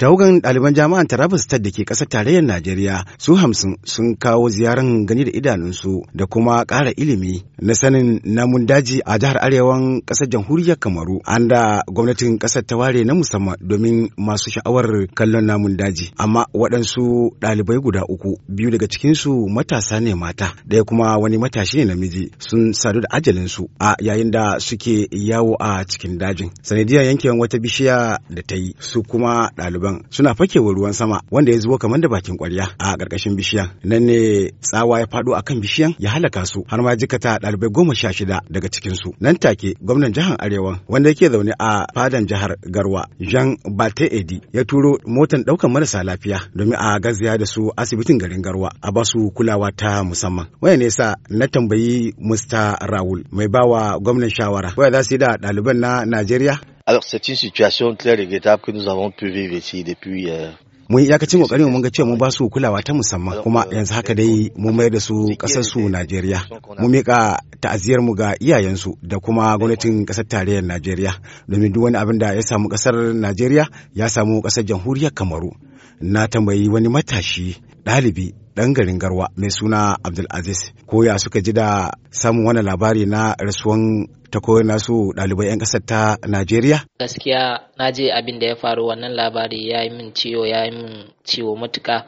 Tawagan ɗaliban jami'an Tarabas State da ke ƙasar tarayyar Najeriya su hamsin sun kawo ziyaran gani da idanunsu da kuma ƙara ilimi na sanin namun daji a jihar Arewan ƙasar jamhuriyar Kamaru an da gwamnatin ƙasar ta ware na musamman domin masu sha'awar kallon namun daji. Amma waɗansu ɗalibai guda uku biyu daga cikinsu matasa ne mata ɗaya kuma wani matashi ne namiji sun sadu da ajalinsu a yayin da suke yawo a cikin dajin. Sanadiyar yankin wata bishiya da ta yi su kuma ɗaliban suna fakewa ruwan sama wanda ya zuwa kamar da bakin kwarya a ƙarƙashin bishiyan nan ne tsawa ya faɗo akan bishiyan ya halaka su har ma jikata ɗalibai goma sha shida daga cikin su nan take gwamnan jihar arewa wanda yake zaune a fadan jihar garwa jean bate edi ya turo motan ɗaukan marasa lafiya domin a gaziya da su asibitin garin garwa a ba su kulawa ta musamman waya ne sa na tambayi mr raul mai bawa gwamnan shawara waya za su yi da ɗaliban na najeriya Alors c'est une situation très regrettable que nous avons pu vivre ici depuis euh, mun iyakacin kokarin mun ga cewa mun ba su kulawa ta musamman kuma euh, yanzu haka dai mun mayar da su kasar su Najeriya mun mika ta'aziyar mu ga iyayensu da kuma gwamnatin kasar tarayyar Najeriya domin duk wani abin da ya samu kasar Najeriya ya samu kasar jamhuriyar Kamaru na tambayi wani matashi ɗalibi ɗan garin garwa mai suna abdulaziz koya suka ji da samun wani labari na rasuwan takoyar nasu ɗalibai 'yan ƙasar ta najeriya gaskiya na je abin da ya faru wannan labari ya yi min ciwo ya yi min ciwo matuka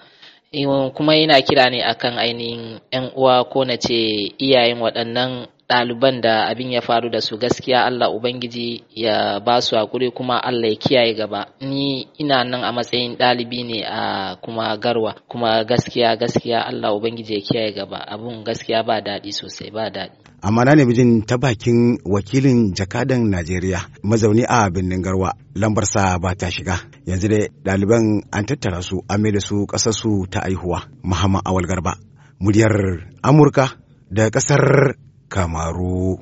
kuma yana kira ne akan ainihin 'yan uwa ko na ce iyayen waɗannan ɗaliban da abin ya faru da su gaskiya Allah Ubangiji ya ba su hakuri kuma Allah ya kiyaye gaba ni ina nan a matsayin ɗalibi ne a kuma garwa kuma gaskiya gaskiya Allah Ubangiji ya kiyaye gaba abun gaskiya ba daɗi sosai ba daɗi amma na ne ta bakin wakilin jakadan Najeriya mazauni a birnin garwa lambar sa ba ta shiga yanzu dai ɗaliban an tattara su an mai da su su ta aihuwa Muhammad Awal Garba muryar Amurka da ƙasar kamaru